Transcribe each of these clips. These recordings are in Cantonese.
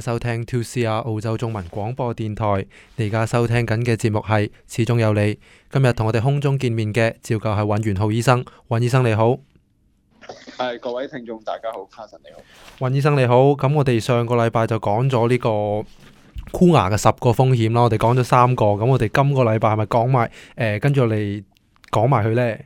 收聽 TCR 澳洲中文廣播電台，你而家收聽緊嘅節目係《齒中有理》。今日同我哋空中見面嘅，照舊係尹元晧醫生。尹醫生你好，係各位聽眾大家好，卡森你好，尹醫生你好。咁我哋上個禮拜就講咗呢個箍牙嘅十個風險啦。我哋講咗三個，咁我哋今個禮拜係咪講埋？誒，跟住我哋講埋佢呢。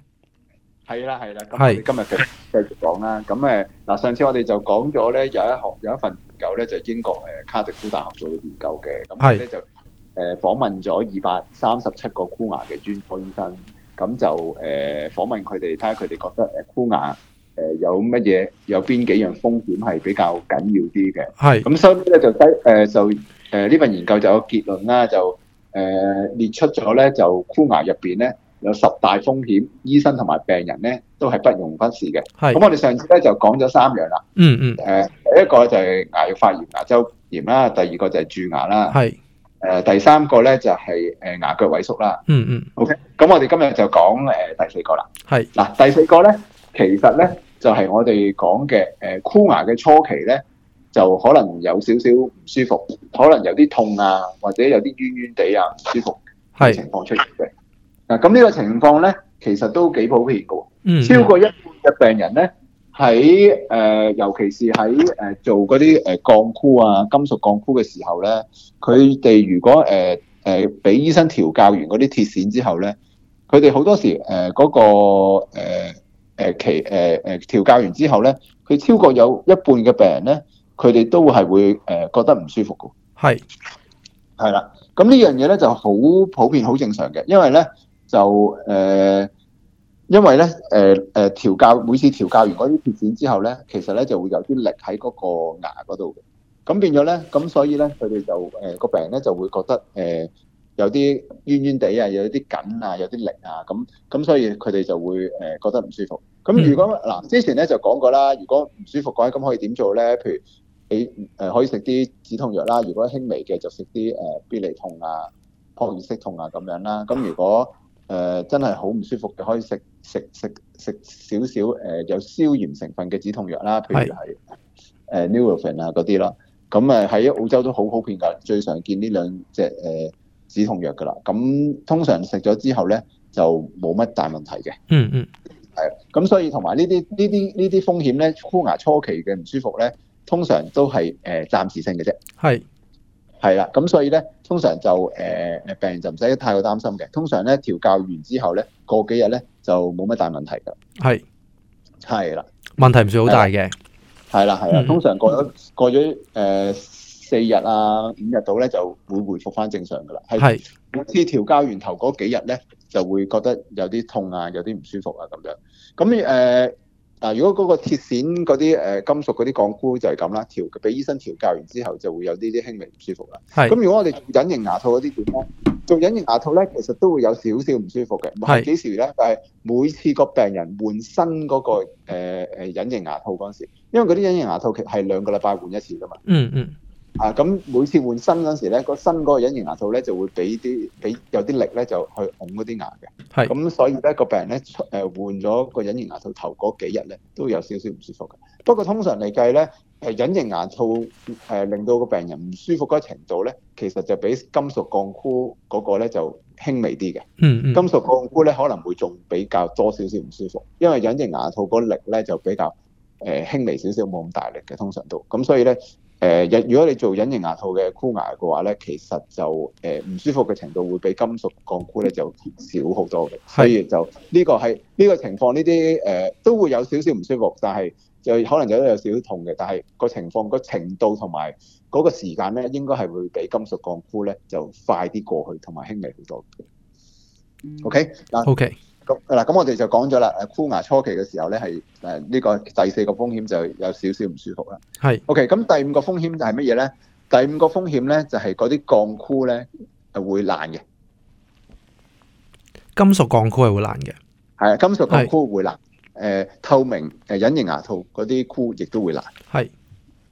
係啦，係啦，係。今日繼續講啦。咁誒，嗱，上次我哋就講咗呢，有一項有一份。有咧就英國誒，卡迪夫大學做研究嘅，咁咧就誒訪問咗二百三十七個箍牙嘅專科醫生，咁就誒訪、呃、問佢哋，睇下佢哋覺得誒箍牙誒有乜嘢，有邊幾樣風險係比較緊要啲嘅。係咁是，所以咧就得誒、呃、就誒呢、呃、份研究就有結論啦，就誒、呃、列出咗咧就箍牙入邊咧有十大風險，醫生同埋病人咧都係不容忽視嘅。係咁是，我哋上次咧就講咗三樣啦。嗯嗯，誒、呃。第一個就係牙肉發炎、牙周炎啦，第二個就係蛀牙啦，係誒是、呃，第三個咧就係誒牙腳萎縮啦，嗯嗯，OK，咁我哋今日就講誒第四個啦，係嗱是，第四個咧，其實咧就係、是、我哋講嘅誒箍牙嘅初期咧，就可能有少少唔舒服，可能有啲痛啊，或者有啲冤冤地啊，唔舒服嘅情況出現嘅，嗱是，咁呢個情況咧，其實都幾普遍嘅，超過一半嘅病人咧。嗯嗯喺誒、呃，尤其是喺誒做嗰啲誒鋼箍啊、金屬鋼箍嘅時候咧，佢哋如果誒誒俾醫生調教完嗰啲鐵線之後咧，佢哋好多時誒嗰、呃嗰個誒誒其誒誒調教完之後咧，佢超過有一半嘅病人咧，佢哋都係會誒、呃、覺得唔舒服嘅。係是，係啦，咁呢樣嘢咧就好普遍、好正常嘅，因為咧就誒。呃因為咧，誒、呃、誒調教每次調教完嗰啲血線之後咧，其實咧就會有啲力喺嗰個牙嗰度嘅，咁變咗咧，咁所以咧佢哋就誒個、呃、病咧就會覺得誒有啲冤冤地啊，有啲緊啊，有啲力啊，咁咁所以佢哋就會誒、呃、覺得唔舒服。咁如果嗱、嗯、之前咧就講過啦，如果唔舒服嘅話，咁可以點做咧？譬如你誒可以食啲止痛藥啦，如果輕微嘅就食啲誒必利痛啊、撲熱息痛啊咁樣啦。咁如果誒、呃、真係好唔舒服嘅，可以食食食食少少誒有消炎成分嘅止痛藥啦，譬如係誒 Nurofen 啦嗰啲啦，咁誒喺澳洲都好好見噶，最常見呢兩隻誒止痛藥噶啦，咁通常食咗之後咧就冇乜大問題嘅。嗯嗯，係。咁所以同埋呢啲呢啲呢啲風險咧，箍牙初期嘅唔舒服咧，通常都係誒暫時性嘅啫。係。係啦，咁所以咧，通常就誒誒病人就唔使太過擔心嘅。通常咧調教完之後咧，過幾日咧就冇乜大問題㗎。係係啦，問題唔算好大嘅。係啦係啦，通常過咗過咗誒四日啊五日到咧就會回復翻正常㗎啦。係係每次調教完頭嗰幾日咧就會覺得有啲痛啊，有啲唔舒服啊咁樣。咁誒。嗱，如果嗰個鐵線嗰啲誒金屬嗰啲鋼箍就係咁啦，調俾醫生調教完之後就會有呢啲輕微唔舒服啦。係是。咁如果我哋做隱形牙套嗰啲點咧？做隱形牙套咧，其實都會有少少唔舒服嘅，唔係幾時咧，是但係每次個病人換新嗰、那個誒誒、呃、隱形牙套嗰陣時候，因為嗰啲隱形牙套其實係兩個禮拜換一次㗎嘛。嗯嗯。啊，咁每次換新嗰時咧，個新嗰個隱形牙套咧就會俾啲俾有啲力咧，就去拱嗰啲牙嘅。係。咁所以咧，個病人咧，誒換咗個隱形牙套頭嗰幾日咧，都有少少唔舒服嘅。不過通常嚟計咧，誒隱形牙套誒令到個病人唔舒服嗰程度咧，其實就比金屬鋼箍嗰個咧就輕微啲嘅。嗯嗯。金屬鋼箍咧可能會仲比較多少少唔舒服，因為隱形牙套嗰力咧就比較誒、呃、輕微少少，冇咁大力嘅，通常都。咁所以咧。誒，若、呃、如果你做隱形牙套嘅箍牙嘅話咧，其實就誒唔、呃、舒服嘅程度會比金屬鋼箍咧就少好多嘅，所以就呢個係呢、呢個情況，呢啲誒都會有少少唔舒服，但係就可能就有少少痛嘅，但係個情況個程度同埋嗰個時間咧，應該係會比金屬鋼箍咧就快啲過去同埋輕微好多。OK，OK、okay? okay.。咁嗱，咁我哋就講咗啦。誒箍牙初期嘅時候咧，係誒呢個第四個風險就有少少唔舒服啦。係。OK，咁第五個風險就係乜嘢咧？第五個風險咧就係嗰啲鋼箍咧，誒會爛嘅，金屬鋼箍係會爛嘅。係啊，金屬鋼箍會爛。誒透明誒隱形牙套嗰啲箍亦都會爛。係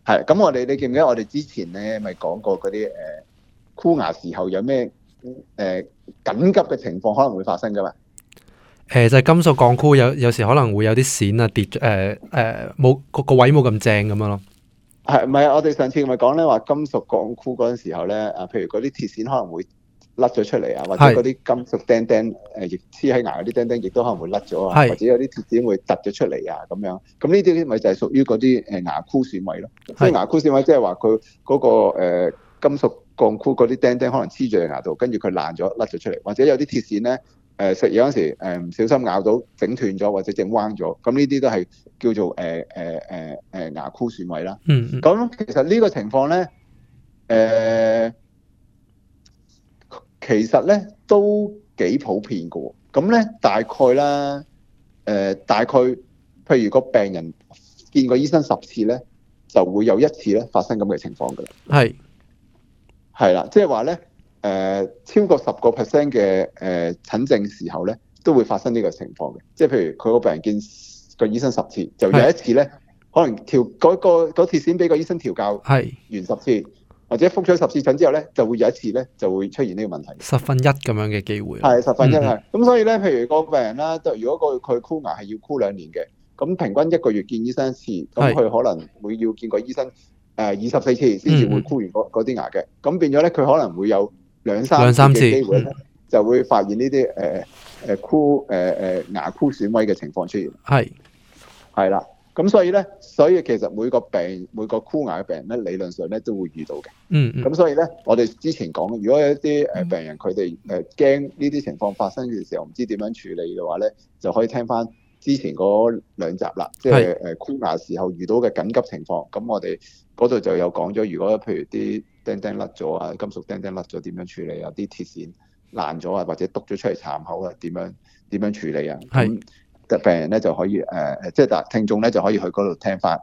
係。咁我哋你記唔記得我哋之前咧咪講過嗰啲誒箍牙時候有咩誒緊急嘅情況可能會發生㗎嘛？誒、呃、就係、是、金屬鋼箍有有時可能會有啲線啊跌誒誒冇個位冇咁正咁樣咯。係唔係啊？我哋上次咪講咧話金屬鋼箍嗰陣時候咧啊，譬如嗰啲鐵線可能會甩咗出嚟啊，或者嗰啲金屬釘釘誒亦黐喺牙嗰啲釘釘亦都可能會甩咗啊，或者有啲鐵線會凸咗出嚟啊咁樣。咁呢啲咪就係屬於嗰啲誒牙箍損位咯。即係牙箍損位，即係話佢嗰個誒金屬鋼箍嗰啲釘釘可能黐住喺牙度，跟住佢爛咗甩咗出嚟，或者有啲鐵線咧。誒食嘢嗰時候，誒、呃、唔小心咬到整斷咗，或者整彎咗，咁呢啲都係叫做誒誒誒誒牙箍損位啦。嗯。咁其、呃、其實呢個情況咧，誒其實咧都幾普遍嘅喎。咁咧大概啦，誒、呃、大概譬如個病人見個醫生十次咧，就會有一次咧發生咁嘅情況㗎喇。係是。係啦，即係話咧。誒、呃、超過十個 percent 嘅誒診症時候咧，都會發生呢個情況嘅。即係譬如佢個病人見個醫生十次，就有一次咧，是可能調嗰、嗰個、次先俾個醫生調教完十次，是或者複咗十次診之後咧，就會有一次咧就會出現呢個問題，十分一咁樣嘅機會係十分一係。咁、嗯、所以咧，譬如個病人啦，就如果、嗰個佢箍牙係要箍兩年嘅，咁平均一個月見醫生一次，咁佢可能會要見個醫生誒二十四次先至會箍完嗰啲牙嘅。咁、嗯嗯、變咗咧，佢可能會有，兩三次機會咧，嗯、就會發現呢啲誒誒箍誒誒牙箍損壞嘅情況出現。係係啦，咁所以咧，所以其實每個病每個箍牙嘅病人咧，理論上咧都會遇到嘅。嗯咁、嗯、所以咧，我哋之前講，如果有一啲誒病人佢哋誒驚呢啲情況發生嘅時候，唔知點樣處理嘅話咧，就可以聽返。之前嗰兩集啦，即係誒箍牙時候遇到嘅緊急情況，咁是我哋嗰度就有講咗，如果譬如啲釘釘甩咗啊，金屬釘釘甩咗點樣處理啊，啲鐵線爛咗啊，或者篤咗出嚟殘口啊，點樣點樣處理啊？係是，病人咧就可以誒，即係大聽眾咧就可以去嗰度聽翻，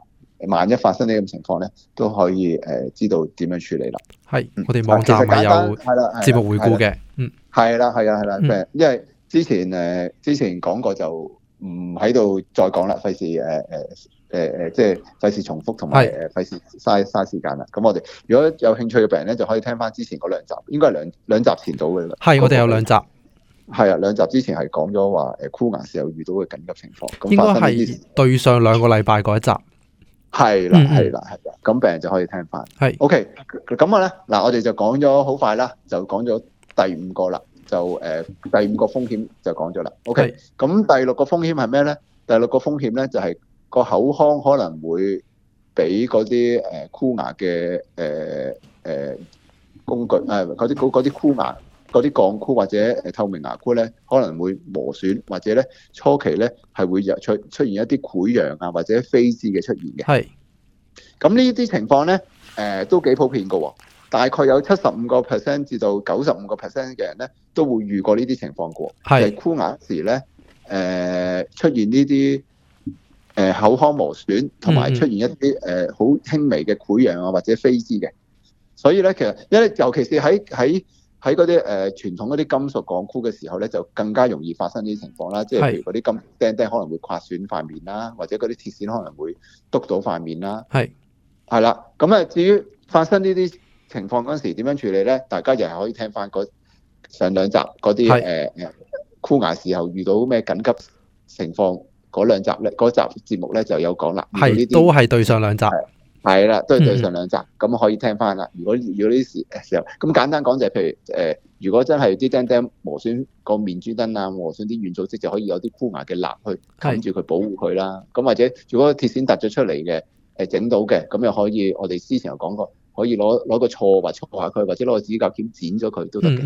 萬一發生呢種情況咧，都可以誒、呃、知道點樣處理啦。係，我哋網站咪、嗯、有節目回顧嘅，嗯，係啦係啦係啦，因為之前誒、呃、之前講過就。唔喺度再講啦，費事誒誒誒誒，即係費事重複同埋誒費事嘥嘥時間啦。咁是我哋如果有興趣嘅病人咧，就可以聽翻之前嗰兩集，應該係兩兩集前到嘅啦。係，我哋有兩集。係啊，兩集之前係講咗話誒，箍牙時候遇到嘅緊急情況。發生應該係對上兩個禮拜嗰一集。係啦，係啦，係啦、嗯哼。咁病人就可以聽翻。係是。OK，咁啊咧，嗱，我哋就講咗好快啦，就講咗第五個啦。就誒、呃、第五個風險就講咗啦，OK。咁第六個風險係咩咧？第六個風險咧就係、是、個口腔可能會俾嗰啲誒箍牙嘅誒誒工具誒嗰啲啲箍牙啲鋼箍或者誒透明牙箍咧，可能會磨損或者咧初期咧係會出出現一啲潰瘍啊或者飛滋嘅出現嘅。係是。咁呢啲情況咧誒、呃、都幾普遍嘅喎、啊。大概有七十五個 percent 至到九十五個 percent 嘅人咧，都會遇過呢啲情況過。係箍牙時咧，誒、呃、出現呢啲誒口腔磨損，同埋出現一啲誒好輕微嘅潰瘍啊，或者飛滋嘅。所以咧，其實因為尤其是喺喺喺嗰啲誒傳統嗰啲金屬鋼箍嘅時候咧，就更加容易發生呢啲情況啦。是即係譬如嗰啲金釘釘可能會刮損塊面啦，或者嗰啲鐵線可能會篤到塊面啦。係係啦，咁啊至於發生呢啲。情況嗰時點樣處理咧？大家又係可以聽翻嗰上兩集嗰啲誒箍牙時候遇到咩緊急情況嗰兩集咧，嗰集節目咧就有講啦。係都係對上兩集，係啦，都係對上兩集，咁、嗯、可以聽翻啦。如果如果呢時時候，咁簡單講就係、是、譬如誒、呃，如果真係啲釘釘磨損個面珠燈啊，磨損啲軟組織就可以有啲箍牙嘅蠟去跟住佢保護佢啦。咁是或者如果鐵線突咗出嚟嘅誒整到嘅，咁又可以我哋之前又講過。可以攞攞個錯或錯下佢，或者攞個指甲剪剪咗佢都得嘅。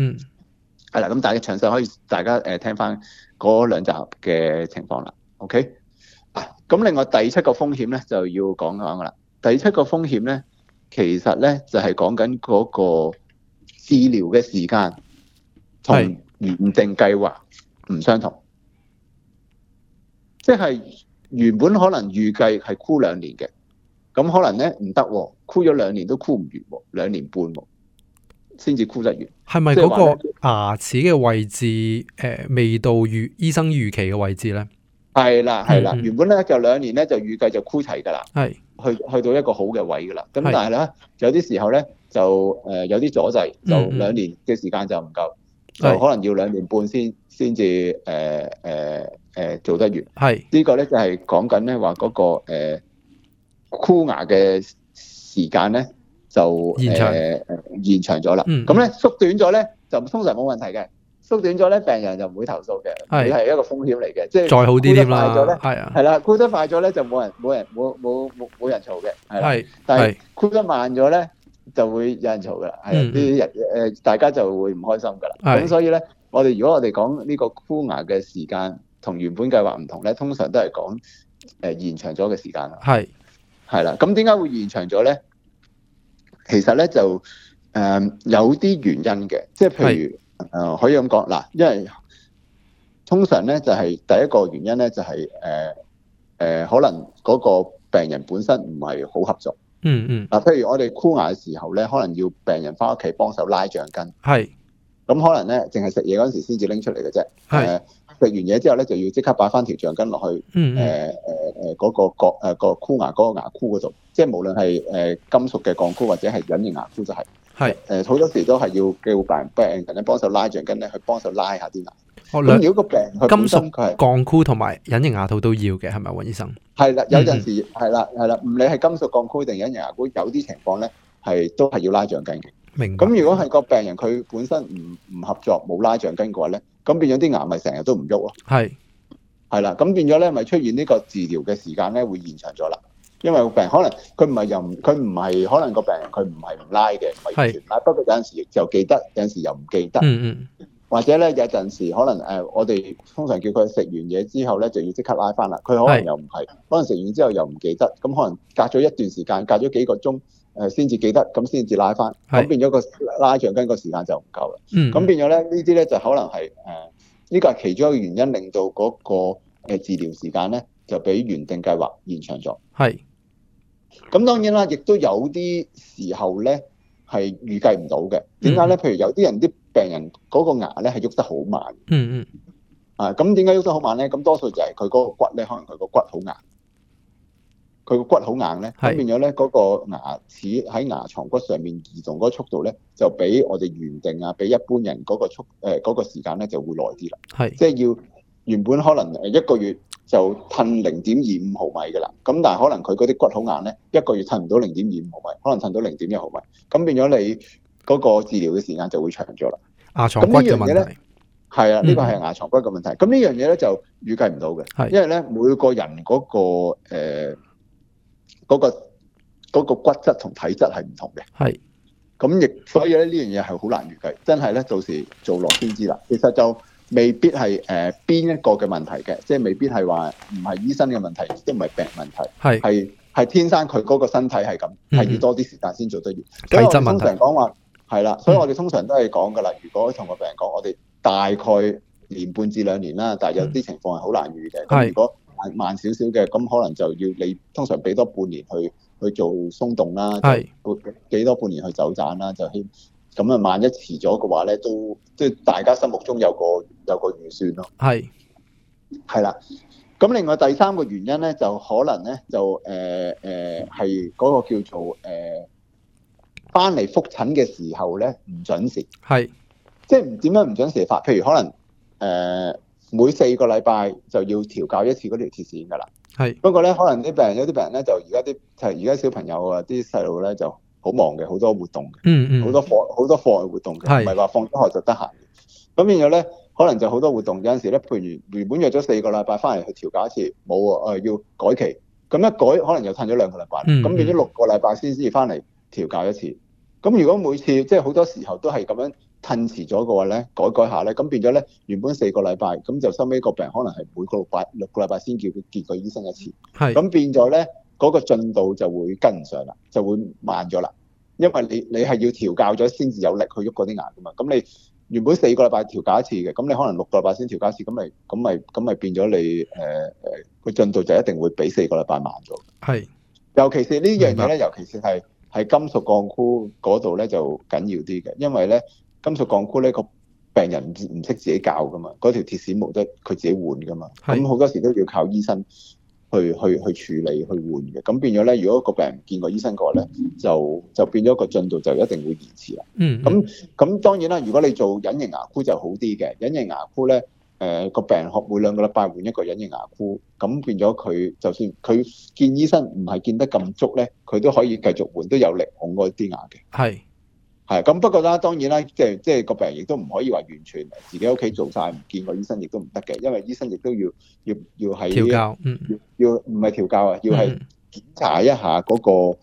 係啦、嗯嗯，咁大家詳細可以大家誒聽翻嗰兩集嘅情況啦。OK，咁另外第七個風險咧就要講講噶啦。第七個風險咧，其實咧就係、是、講緊嗰個治療嘅時間同原定計劃唔相同，即係是原本可能預計係箍兩年嘅。咁可能咧唔得喎，箍咗兩年都箍唔完喎，兩年半喎先至箍得完。係咪嗰個牙齒嘅位置、呃、未到預醫生預期嘅位置咧？係啦，係啦，嗯、原本咧就兩年咧就預計就箍齊㗎啦，係是去去到一個好嘅位㗎啦。咁但係咧是有啲時候咧就誒有啲阻滯，就兩、呃、年嘅時間就唔夠，嗯、就可能要兩年半先先至誒誒誒做得完。係是呢個、就是說說那個咧就係講緊咧話嗰個箍牙嘅時間咧就誒延長咗啦，咁咧縮短咗咧就通常冇問題嘅，縮短咗咧病人就唔會投訴嘅，佢係一個風險嚟嘅，即係箍得快咗咧，係啊，係啦，箍得快咗咧就冇人冇人冇冇冇冇人嘈嘅，係，但係箍得慢咗咧就會有人嘈㗎，係啲人誒大家就會唔開心㗎啦，咁所以咧我哋如果我哋講呢個箍牙嘅時間同原本計劃唔同咧，通常都係講誒延長咗嘅時間啦，係。係啦，咁點解會延長咗咧？其實咧就誒、呃、有啲原因嘅，即係譬如誒是的、呃、可以咁講嗱，因為通常咧就係第一個原因咧就係誒誒可能嗰個病人本身唔係好合作。嗯嗯。嗱，譬如我哋箍牙嘅時候咧，可能要病人翻屋企幫手拉橡筋。係。咁可能咧，淨係食嘢嗰陣時先至拎出嚟嘅啫。係是的、呃。食完嘢之後咧，就要即刻擺翻條橡筋落去，誒誒誒嗰個角誒、呃嗰個箍牙嗰、嗰個牙箍嗰度，即係無論係誒金屬嘅鋼箍或者係隱形牙箍、就係，就係係誒好多時都係要叫病人幫手拉橡筋咧，去幫手拉下啲牙。兩條個病，金屬鋼箍同埋隱形牙套都要嘅，係咪尹醫生？係啦，有陣時係啦係啦，唔理係金屬鋼箍定隱形牙箍，有啲情況咧係都係要拉橡筋嘅。咁如果係個病人佢本身唔唔合作冇拉橡筋嘅話咧，咁變咗啲牙咪成日都唔喐咯。係係啦，咁變咗咧咪出現呢個治療嘅時間咧會延長咗啦。因為個病人可能佢唔係任佢唔係可能個病人佢唔係唔拉嘅，唔係完全拉。是不過有陣時候就記得，有陣時候又唔記得。嗯嗯。或者咧有陣時候可能誒、呃，我哋通常叫佢食完嘢之後咧就要即刻拉翻啦。佢可能又唔係，是可能食完之後又唔記得。咁可能隔咗一段時間，隔咗幾個鐘。誒先至記得，咁先至拉翻，咁變咗個拉橡筋個時間就唔夠啦。嗯是，咁變咗咧，呢啲咧就可能係誒，呢個係其中一個原因，令到嗰個治療時間咧就比原定計劃延長咗。係是。咁當然啦，亦都有啲時候咧係預計唔到嘅。點解咧？譬如有啲人啲病人嗰個牙咧係喐得好慢。嗯嗯。啊，咁點解喐得好慢咧？咁多數就係佢嗰個骨咧，可能佢個骨好硬。佢個骨好硬咧，咁變咗咧，嗰個牙齒喺牙床骨上面移動嗰個速度咧，就比我哋原定啊，比一般人嗰個速誒嗰、呃嗰個時間咧就會耐啲啦。係是，即係要原本可能誒一個月就褪零點二五毫米㗎啦。咁但係可能佢嗰啲骨好硬咧，一個月褪唔到零點二五毫米，可能褪到零點一毫米。咁變咗你嗰個治療嘅時間就會長咗啦。牙床骨嘅問題係啊，呢、呢個係牙床骨嘅問題。咁呢、嗯、樣嘢咧就預計唔到嘅，是因為咧每個人嗰、嗰個、呃嗰、嗰個、嗰個骨質同體質係唔同嘅，係咁亦所以咧呢樣嘢係好難預計，真係咧到時做落先知啦。其實就未必係誒邊一個嘅問題嘅，即係未必係話唔係醫生嘅問題，亦都唔係病問題，係係係天生佢嗰個身體係咁，係、嗯嗯、要多啲時間先做得完。所以我通常講話係啦，所以我哋通常都係講噶啦。嗯、如果同個病人講，我哋大概年半至兩年啦，嗯、但係有啲情況係好難預嘅。咁是如果慢少少嘅，咁可能就要你通常俾多半年去去做鬆動啦，係是，俾多半年去走盞啦，就希咁啊！萬一遲咗嘅話咧，都即係大家心目中有個有個預算咯。係，係啦。咁是另外第三個原因咧，就可能咧就誒誒係嗰個叫做誒翻嚟覆診嘅時候咧唔準時，係是，即係唔點樣唔準時法，譬如可能誒。呃每四個禮拜就要調教一次嗰條鐵線㗎啦。係是。不過咧，可能啲病人有啲病人咧，就而家啲就係而家小朋友啊，啲細路咧就好忙嘅，好多活動嘅。嗯嗯。好多課好多課外活動嘅，唔係話放咗學就得閒。咁變咗咧，可能就好多活動。有陣時咧，譬如原本約咗四個禮拜翻嚟去調教一次，冇啊，誒、呃、要改期。咁一改可能又褪咗兩個禮拜。咁變咗六個禮拜先至翻嚟調教一次。咁如果每次即係好多時候都係咁樣。吞遲咗嘅話咧，改改下咧，咁變咗咧，原本四個禮拜，咁就收尾個病可能係每個禮拜六個禮拜先叫佢見個醫生一次，係，咁變咗咧，嗰個進度就會跟唔上啦，就會慢咗啦，因為你你係要調教咗先至有力去喐嗰啲牙噶嘛，咁你原本四個禮拜調教一次嘅，咁你可能六個禮拜先調教一次，咁咪咁咪咁咪變咗你誒誒，個進度就一定會比四個禮拜慢咗。係，尤其是呢樣嘢咧，尤其是係喺金屬鋼箍嗰度咧就緊要啲嘅，因為咧。金屬鋼箍咧，個病人唔唔識自己教噶嘛，嗰條鐵線冇得佢自己換噶嘛，咁好多時都要靠醫生去去去處理去換嘅。咁變咗咧，如果個病人見過醫生嘅話咧、嗯，就就變咗個進度就一定會延遲啦、嗯嗯。嗯，咁咁當然啦，如果你做隱形牙箍就好啲嘅，隱形牙箍咧，誒、呃、個病人學每兩個禮拜換一個隱形牙箍，咁變咗佢就算佢見醫生唔係見得咁足咧，佢都可以繼續換，都有力控嗰啲牙嘅。係。係咁，不過啦，當然啦，即係即係個病人亦都唔可以話完全自己屋企做晒，唔見個醫生亦都唔得嘅。因為醫生亦都要要要喺調教、嗯、教，要唔係調教啊，要係檢查一下嗰個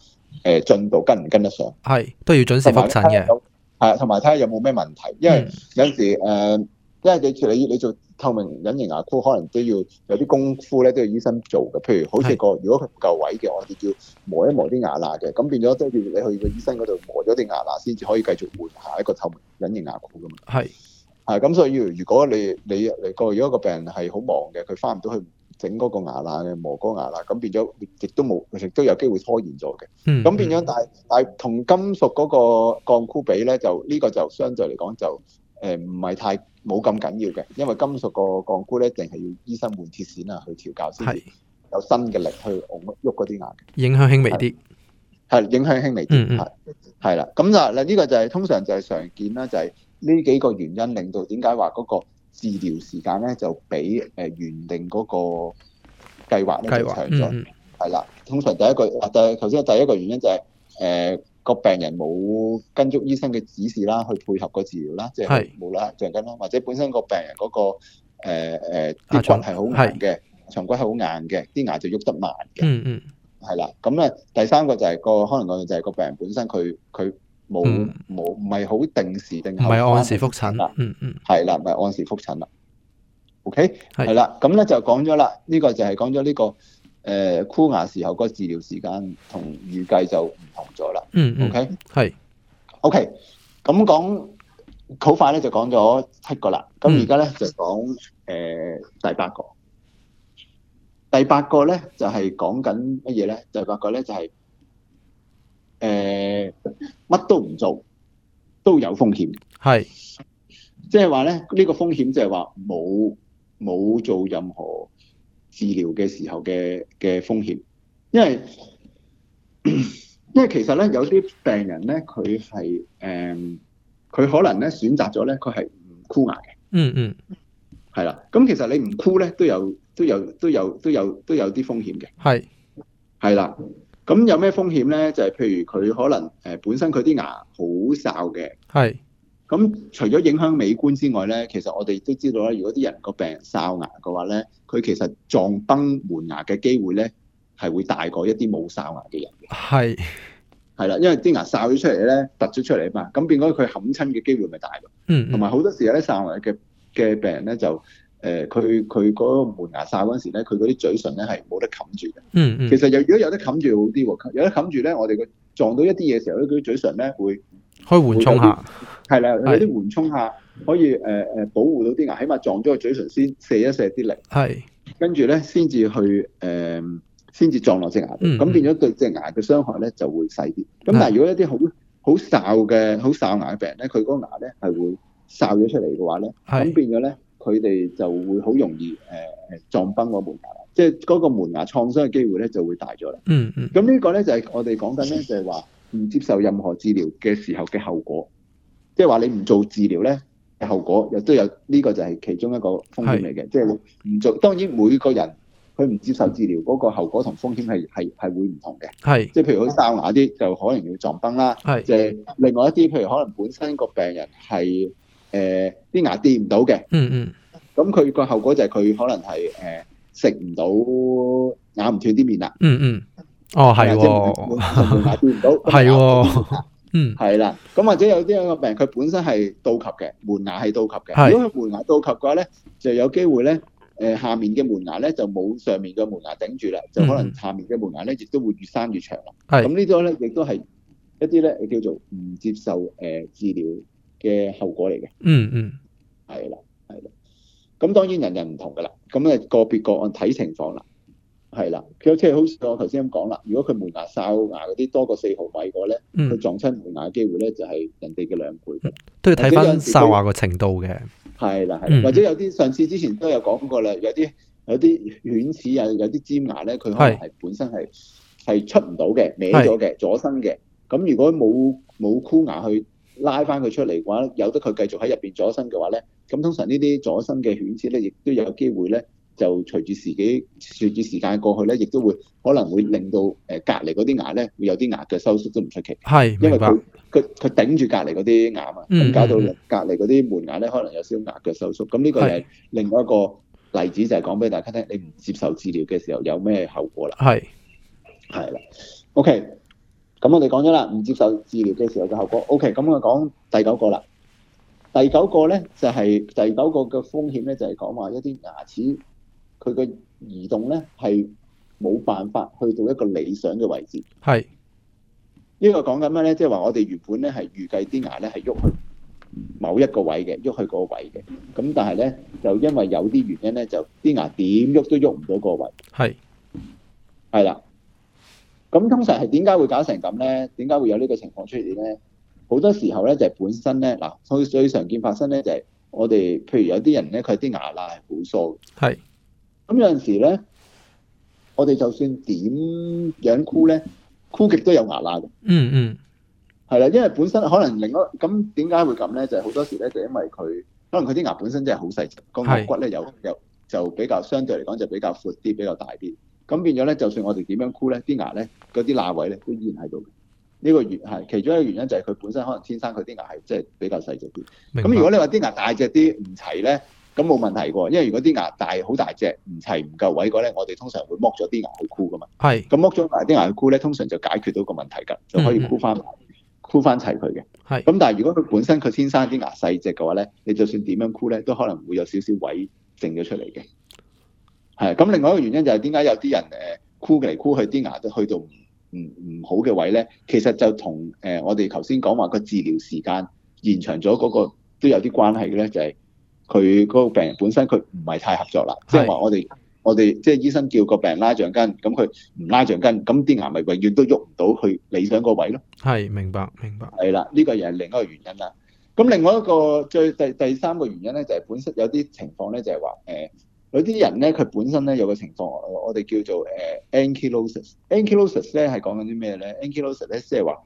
誒進度跟唔跟得上，係都要準時覆診嘅係同埋睇下有冇咩問題，因為有陣時誒，嗯、因為你你你處理，你做。透明隱形牙箍可能都要有啲功夫咧，都要醫生做嘅。譬如好似個，是如果佢唔夠位嘅，我哋要磨一磨啲牙罅嘅。咁變咗都要你去個醫生嗰度磨咗啲牙罅，先至可以繼續換下一個透明隱形牙箍嘅嘛。係係是，咁、啊、所以如果你你你個如果個病人係好忙嘅，佢翻唔到去整嗰個牙罅嘅磨嗰個牙罅，咁變咗亦都冇亦都有機會拖延咗嘅。咁、嗯嗯、變咗，但係但係同金屬嗰個鋼箍比咧，就呢、呢個就相對嚟講就，誒唔係太冇咁緊要嘅，因為金屬個鋼箍咧，淨係要醫生換鐵線啊，去調教先有新嘅力去㧬喐嗰啲牙。影響輕微啲，係影響輕微啲。係啦，咁嗱，呢個就係通常就係常見啦，就係呢幾個原因令到點解話嗰個治療時間咧就比誒原定嗰個計劃咧計劃長咗。係啦，通常第一個，頭先第一個原因就係誒。個病人冇跟足醫生嘅指示啦，去配合個治療啦，即係冇啦，橡筋啦，或者本身個病人嗰個誒誒啲骨係好硬嘅，長骨係好硬嘅，啲牙就喐得慢嘅，嗯嗯，係啦，咁咧第三個就係、是、個可能個就係個病人本身佢佢冇冇唔係好定時定候，唔係按時覆診啊，嗯嗯是，係啦，唔係按時覆診啦，OK 係啦，咁咧就講咗啦，呢、這個就係講咗呢個。誒箍牙時候個治療時間同預計就唔同咗啦。嗯，OK，係，OK。咁講好快咧，就講咗七個啦。咁而家咧就講誒第八個。第八個咧就係講緊乜嘢咧？第八個咧就係誒乜都唔做都有風險，係即係話咧呢個風險就係話冇冇做任何治療嘅時候嘅嘅風險，因為因為其實咧有啲病人咧佢係誒佢可能咧選擇咗咧佢係唔箍牙嘅，嗯嗯，係啦。咁其實你唔箍咧都有都有都有都有都有啲風險嘅，係係啦。咁有咩風險咧？就係、是、譬如佢可能、呃、本身佢啲牙好哨嘅，係。咁除咗影響美觀之外咧，其實我哋都知道咧，如果啲人個病人哨牙嘅話咧，佢其實撞崩門牙嘅機會咧係會大過一啲冇哨牙嘅人嘅。係係啦，因為啲牙哨咗出嚟咧，突咗出嚟啊嘛，咁變咗佢冚親嘅機會咪大咯。嗯，同埋好多時候咧，哨牙嘅嘅病人咧就誒，佢佢嗰個門牙哨嗰陣時咧，佢嗰啲嘴唇咧係冇得冚住嘅。嗯嗯，其實有如果有得冚住好啲，有得冚住咧，我哋嘅撞到一啲嘢嘅時候咧，佢啲嘴唇咧會，開緩衝下，係啦、嗯，有啲緩衝下的可以誒誒、呃、保護到啲牙，起碼撞咗個嘴唇先卸一卸啲力，係的。跟住咧，先至去誒，先、呃、至撞落隻牙，咁、嗯嗯、變咗對隻牙嘅傷害咧就會細啲。咁的但係如果一啲好好哨嘅好哨牙嘅病人咧，佢個牙咧係會哨咗出嚟嘅話咧，咁的變咗咧佢哋就會好容易誒誒撞崩的門嗯嗯個門牙，即係嗰個門牙創傷嘅機會咧就會大咗啦。嗯嗯。咁呢個咧就係、是、我哋講緊咧就係話。唔接受任何治療嘅時候嘅後果，即係話你唔做治療咧，後果亦都有呢個就係其中一個風險嚟嘅，即係唔做。當然每個人佢唔接受治療嗰個後果同風險係係係會唔同嘅。係即係譬如佢哨牙啲，就可能要撞崩啦。係即係另外一啲，譬如可能本身個病人係誒啲牙跌唔到嘅。嗯嗯。咁佢個後果就係佢可能係誒食唔到咬唔斷啲麵啦。嗯嗯。哦，係喎、哦，門牙對唔到，係喎是，嗯，係啦，咁或者有啲嘅病，佢本身係倒及嘅，門牙係倒及嘅，如果佢門牙倒及嘅話咧，就有機會咧、呃，下面嘅門牙咧就冇上面嘅門牙頂住啦，就可能下面嘅門牙咧亦都會越生越長啦，咁、嗯、呢啲咧亦都係一啲咧叫做唔接受誒、呃、治療嘅後果嚟嘅、嗯，嗯嗯，係啦，係啦，咁當然人人唔同噶啦，咁、那、咧個別個案睇情況啦。係啦，佢好似係好似我頭先咁講啦。如果佢門牙，哨牙嗰啲多過四毫米嘅話咧，佢撞親門牙嘅機會咧就係人哋嘅兩倍、嗯，都要睇翻哨牙嘅程度嘅。係啦、嗯，或者有啲上次之前都有講過啦，有啲有啲犬齒有有啲尖牙咧，佢可能係的本身係係出唔到嘅，歪咗嘅，阻生嘅。咁的如果冇冇箍牙去拉翻佢出嚟嘅話，由得佢繼續喺入邊阻生嘅話咧，咁通常呢啲阻生嘅犬齒咧，亦都有機會咧。就隨住時間過去咧，亦都會可能會令到誒、呃、隔離嗰啲牙咧，會有啲牙腳收縮都唔出奇。係是，因為佢佢佢頂住隔離嗰啲牙啊，咁搞、嗯嗯嗯、到隔離嗰啲門牙咧，可能有少少牙腳收縮。咁呢個係另外一個例子，是就係講俾大家聽，你唔接受治療嘅時候有咩後果啦。係是，係啦。OK，咁我哋講咗啦，唔接受治療嘅時候嘅後果。OK，咁我講第九個啦。第九個咧就係、是、第九個嘅風險咧，就係、是、講話一啲牙齒。佢個移動咧係冇辦法去到一個理想嘅位置。係是，呢個講緊咩咧？即係話我哋原本咧係預計啲牙咧係喐去某一個位嘅，喐去嗰個位嘅。咁但係咧就因為有啲原因咧，就啲牙點喐都喐唔到個位。係是，係啦。咁通常係點解會搞成咁咧？點解會有呢個情況出現咧？好多時候咧就係本身咧嗱，最最常見發生咧就係我哋譬如有啲人咧，佢啲牙罅係好疏。係。咁有陣時咧，我哋就算點樣箍咧，箍極都有牙罅嘅。嗯嗯、mm，係、hmm. 啦，因為本身可能另外，咁點解會咁咧？就係、係、好多時咧，就因為佢可能佢啲牙本身真係好細隻，個牙骨咧就比較相對嚟講就比較闊啲、比較大啲。咁變咗咧，就算我哋點樣箍咧，啲牙咧嗰啲罅位咧都依然喺度嘅。呢個原因，其中一個原因就係佢本身可能天生佢啲牙係即係比較細隻啲。咁明白。如果你話啲牙大隻啲唔齊咧？咁冇問題喎，因為如果啲牙大好大隻，唔齊唔夠位嘅話咧，我哋通常會剝咗啲牙去箍㗎嘛。係是。咁剝咗牙啲牙去箍咧，通常就解決到個問題㗎，就可以箍翻埋、箍翻、嗯、齊佢嘅。係是。咁但係如果佢本身佢天生啲牙細隻嘅話咧，你就算點樣箍咧，都可能會有少少位剩咗出嚟嘅。係。咁另外一個原因就係點解有啲人誒箍嚟箍去啲牙都去到唔唔唔好嘅位咧？其實就同誒我哋頭先講話個治療時間延長咗嗰個都有啲關係咧，就係佢嗰個病人本身佢唔係太合作啦，即係話我哋我哋即係醫生叫個病人拉橡筋，咁佢唔拉橡筋，咁啲牙咪永遠都喐唔到佢理想個位咯。係，明白明白。係啦，呢個又係另一個原因啦。咁另外一個最第第三個原因咧，就係本身有啲情況咧，就係話誒有啲人咧，佢本身咧有個情況，我哋叫做誒 ankylosis。ankylosis 咧係講緊啲咩咧？ankylosis 咧即係話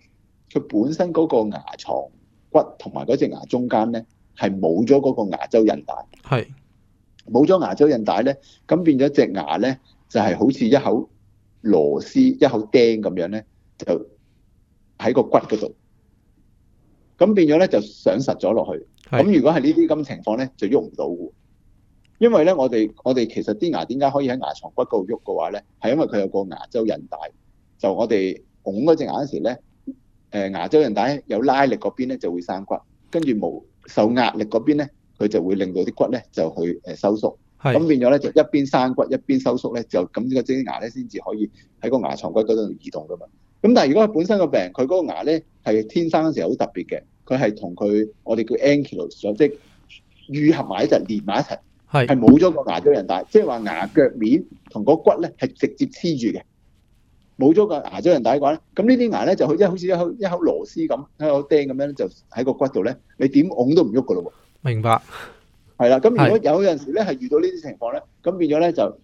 佢本身嗰個牙床骨同埋嗰隻牙中間咧。係冇咗嗰個牙周韌帶，冇咗是牙周韌帶咧，咁變咗隻牙咧就係、是、好似一口螺絲、一口釘咁樣咧，就喺個骨嗰度。咁變咗咧就上實咗落去。咁是如果係呢啲咁情況咧，就喐唔到㗎。因為咧，我哋我哋其實啲牙點解可以喺牙床骨嗰度喐嘅話咧，係因為佢有個牙周韌帶。就我哋拱嗰隻牙嗰時咧，誒牙周韌帶有拉力嗰邊咧就會生骨，跟住冇。受壓力嗰邊咧，佢就會令到啲骨咧就去收縮，咁是變咗咧就一邊生骨一邊收縮咧，就咁呢個牙咧先至可以喺個牙床骨嗰度移動噶嘛。咁但係如果佢本身個病，佢嗰個牙咧係天生嗰陣好特別嘅，佢係同佢我哋叫 ankylosis 即係愈合埋一齊，連埋一齊，係冇咗個牙周韌帶，即係話牙腳面同個骨咧係直接黐住嘅。冇咗個牙周韌帶嘅話咧，咁呢啲牙咧就去即係好似一口一口螺絲咁，一口釘咁樣就喺個骨度咧，你點㧬都唔喐噶咯喎。明白。係啦，咁如果有陣時咧係遇到呢啲情況咧，咁變咗咧就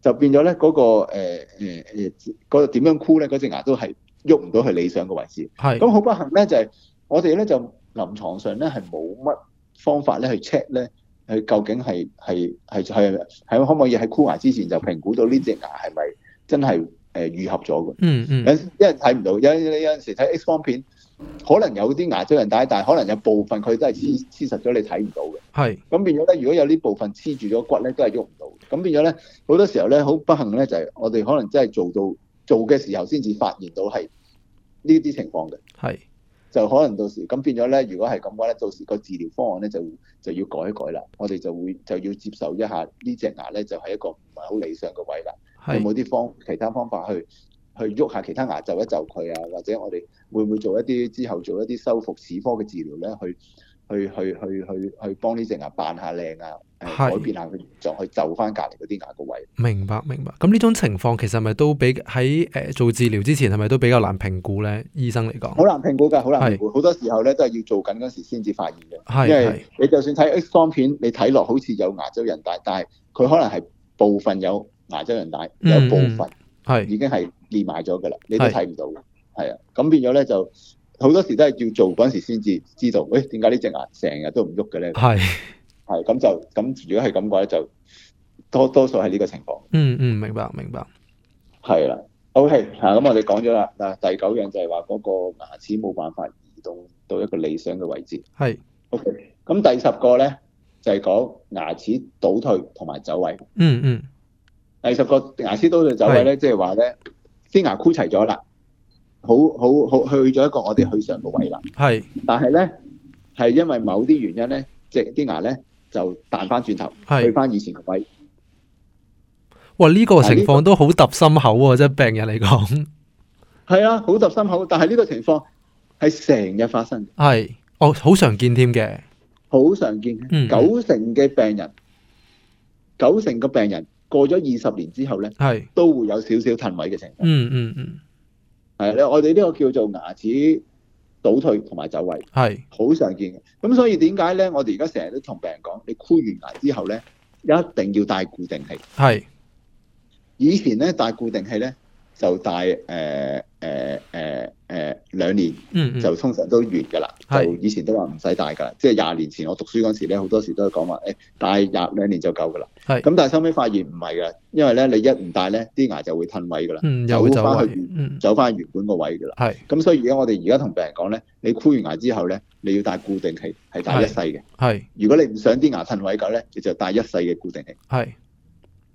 就變咗咧嗰個誒誒誒個點樣箍咧，嗰隻牙都係喐唔到佢理想嘅位置。係。咁好不幸咧就係我哋咧就臨床上咧係冇乜方法咧去 check 咧，係究竟係係係係可唔可以喺箍牙之前就評估到呢隻牙係咪真係？誒愈合咗嘅，有陣時睇唔到，有有有陣時睇 X 光片，可能有啲牙周韌帶，但係可能有部分佢都係黐黐實咗，嗯、你睇唔到嘅。係，咁變咗咧，如果有呢部分黐住咗骨咧，都係喐唔到。咁變咗咧，好多時候咧，好不幸咧，就係我哋可能真係做到做嘅時候先至發現到係呢啲情況嘅。係，就可能到時咁變咗咧，如果係咁嘅話咧，到時個治療方案咧就就要改一改啦。我哋就會就要接受一下呢隻牙咧，就係一個唔係好理想嘅位啦。是有冇啲方其他方法去去喐下其他牙就一就佢啊？或者我哋會唔會做一啲之後做一啲修復齒科嘅治療咧？去去去去去去幫呢隻牙扮下靚啊！是改變下個形狀就去就翻隔離嗰啲牙個位。明白，明白。咁呢種情況其實咪都比喺做治療之前係咪都比較難評估咧？醫生嚟講，好難評估㗎，好難評估。好是多時候咧都係要做緊嗰時先至發現嘅。是因為你就算睇 X 光片，你睇落好似有牙周病，但係佢可能係部分有。牙周韌帶有部分係已經係裂埋咗㗎啦，你都睇唔到嘅，係啊，咁變咗咧就好多時都係要做嗰陣時先至知道，誒點解呢隻牙成日都唔喐嘅咧？係係咁就咁，如果係咁嘅話咧就多多數係呢個情況。嗯嗯，明白明白。係啦，OK 啊，咁我哋講咗啦嗱，第九樣就係話嗰個牙齒冇辦法移動到一個理想嘅位置。係 OK，咁第十個咧就係講牙齒倒退同埋走位。嗯嗯。第十個牙齒刀是就走嘅咧，即係話咧，啲牙箍齊咗啦，好好好去咗一個我哋去上嘅位啦。係是，但係咧係因為某啲原因咧，即係啲牙咧就彈翻轉頭，是去翻以前嘅位。哇！呢、這個情況都好揼心口喎，即係、這個、病人嚟講。係啊，好揼心口，但係呢個情況係成日發生的。係，哦，好常見添嘅，好常見，九、嗯、成嘅病人，九成個病人。過咗二十年之後呢，係是都會有少少褪位嘅情況。嗯嗯嗯，係咧，我哋呢個叫做牙齒倒退同埋走位，係好是常見嘅。咁所以點解呢？我哋而家成日都同病人講，你箍完牙之後呢，一定要戴固定器。係是以前呢，戴固定器呢。就戴誒誒誒誒兩年，就通常都完㗎啦。嗯嗯、就以前都話唔使戴㗎啦，是即係廿年前我讀書嗰陣時咧，好多時都係講話誒戴廿兩年就夠㗎啦。係咁是，但係收尾發現唔係㗎啦，因為咧你一唔戴咧，啲牙就會㩈位㗎啦，嗯、又走翻去原、嗯、走翻原本個位㗎啦。係咁是，所以而家我哋而家同病人講咧，你箍完牙之後咧，你要戴固定器係戴一世嘅。係，如果你唔想啲牙㩈位㗎咧，你就戴一世嘅固定器。係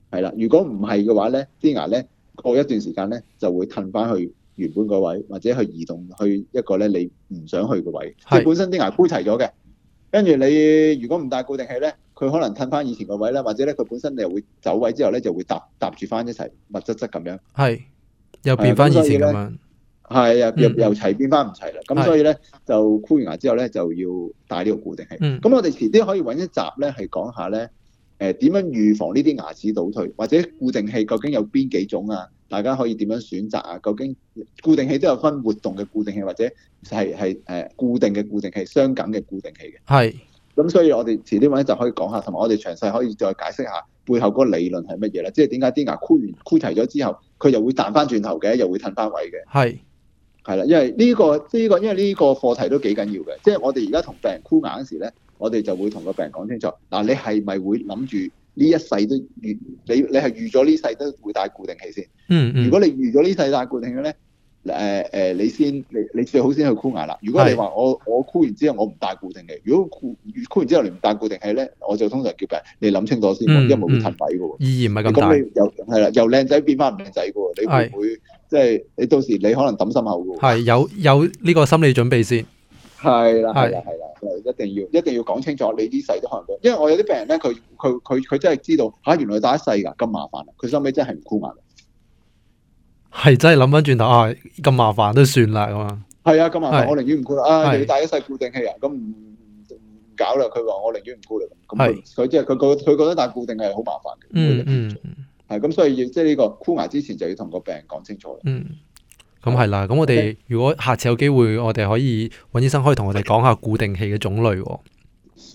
係啦，如果唔係嘅話咧，啲牙咧。過一段時間咧，就會褪翻去原本個位，或者去移動去一個咧你唔想去嘅位。你是本身啲牙箍齊咗嘅，跟住你如果唔帶固定器咧，佢可能褪翻以前個位啦，或者咧佢本身你又會走位之後咧就會搭揼住翻一齊密質質咁樣。係，又變翻以前咁樣。係啊，又又齊、嗯、變翻唔齊啦。咁是所以咧就箍完牙之後咧，就要帶呢個固定器。咁、嗯、我哋遲啲可以揾一集咧係講下咧。誒點樣預防呢啲牙齒倒退，或者固定器究竟有邊幾種啊？大家可以點樣選擇啊？究竟固定器都有分活動嘅固定器，或者係係誒固定嘅固定器、相緊嘅固定器嘅。係。咁所以我哋遲啲位就可以講下，同埋我哋詳細可以再解釋下背後嗰個理論係乜嘢啦。即係點解啲牙箍完箍齊咗之後，佢又會彈翻轉頭嘅，又會褪翻位嘅。係。係啦，因為呢個呢個因為呢個課題都幾緊要嘅，即係我哋而家同病人箍牙嗰時咧，我哋就會同個病人講清楚。嗱，你係咪會諗住呢一世都預你？你係預咗呢世都會戴固定器先？嗯，嗯如果你預咗呢世戴固定嘅咧，誒、呃、誒、呃，你先你你最好先去箍牙啦。如果你話我是我箍完之後我唔戴固定器，如果箍完之後你唔戴固定器咧，我就通常叫病人。你諗清楚先，嗯嗯、因為冇拆底嘅喎。意義唔係咁大。咁你又係啦，由靚仔變翻唔靚仔嘅喎。你會唔會是即係你到時你可能抌心口嘅喎？係有有呢個心理準備先。係啦，係啦，係啦，就一定要一定要講清楚，你呢世都可能，因為我有啲病人咧，佢佢佢佢真係知道吓，原來戴一世噶咁麻煩，佢收尾真係唔箍牙。係真係諗翻轉頭啊，咁麻煩都算啦咁啊。係啊，咁麻煩，我寧願唔箍啦。啊，你要戴一世固定器啊，咁唔唔搞啦。佢話我寧願唔箍啦。咁佢佢即係佢覺佢覺得戴固定係好麻煩嘅。嗯嗯，係咁，所以要即係呢個箍牙之前就要同個病人講清楚啦。嗯。咁係啦，咁、啊、我哋如果下次有機會，我哋可以揾尹醫生可以同我哋講下固定器嘅種類。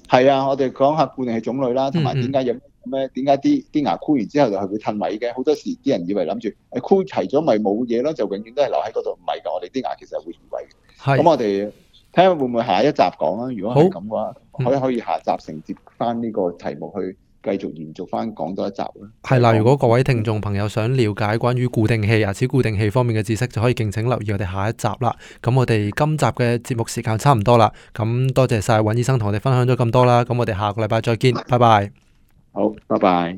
係啊，我哋講下固定器種類啦，同埋點解有咩？點解啲啲牙箍完之後就係會褪位嘅？好多時啲人以為諗住誒箍齊咗咪冇嘢咯，就永遠都係留喺嗰度，唔係噶。我哋啲牙其實會褪位嘅。咁是我哋睇下會唔會下一集講啦。如果係咁嘅話，可、嗯、可以下集承接翻呢個題目去。繼續延續翻講多一集咯。係啦，如果各位聽眾朋友想了解關於固定器、牙齒固定器方面嘅知識，就可以敬請留意我哋下一集啦。咁我哋今集嘅節目時間差唔多啦。咁多謝晒尹醫生同我哋分享咗咁多啦。咁我哋下個禮拜再見，拜拜。好，拜拜。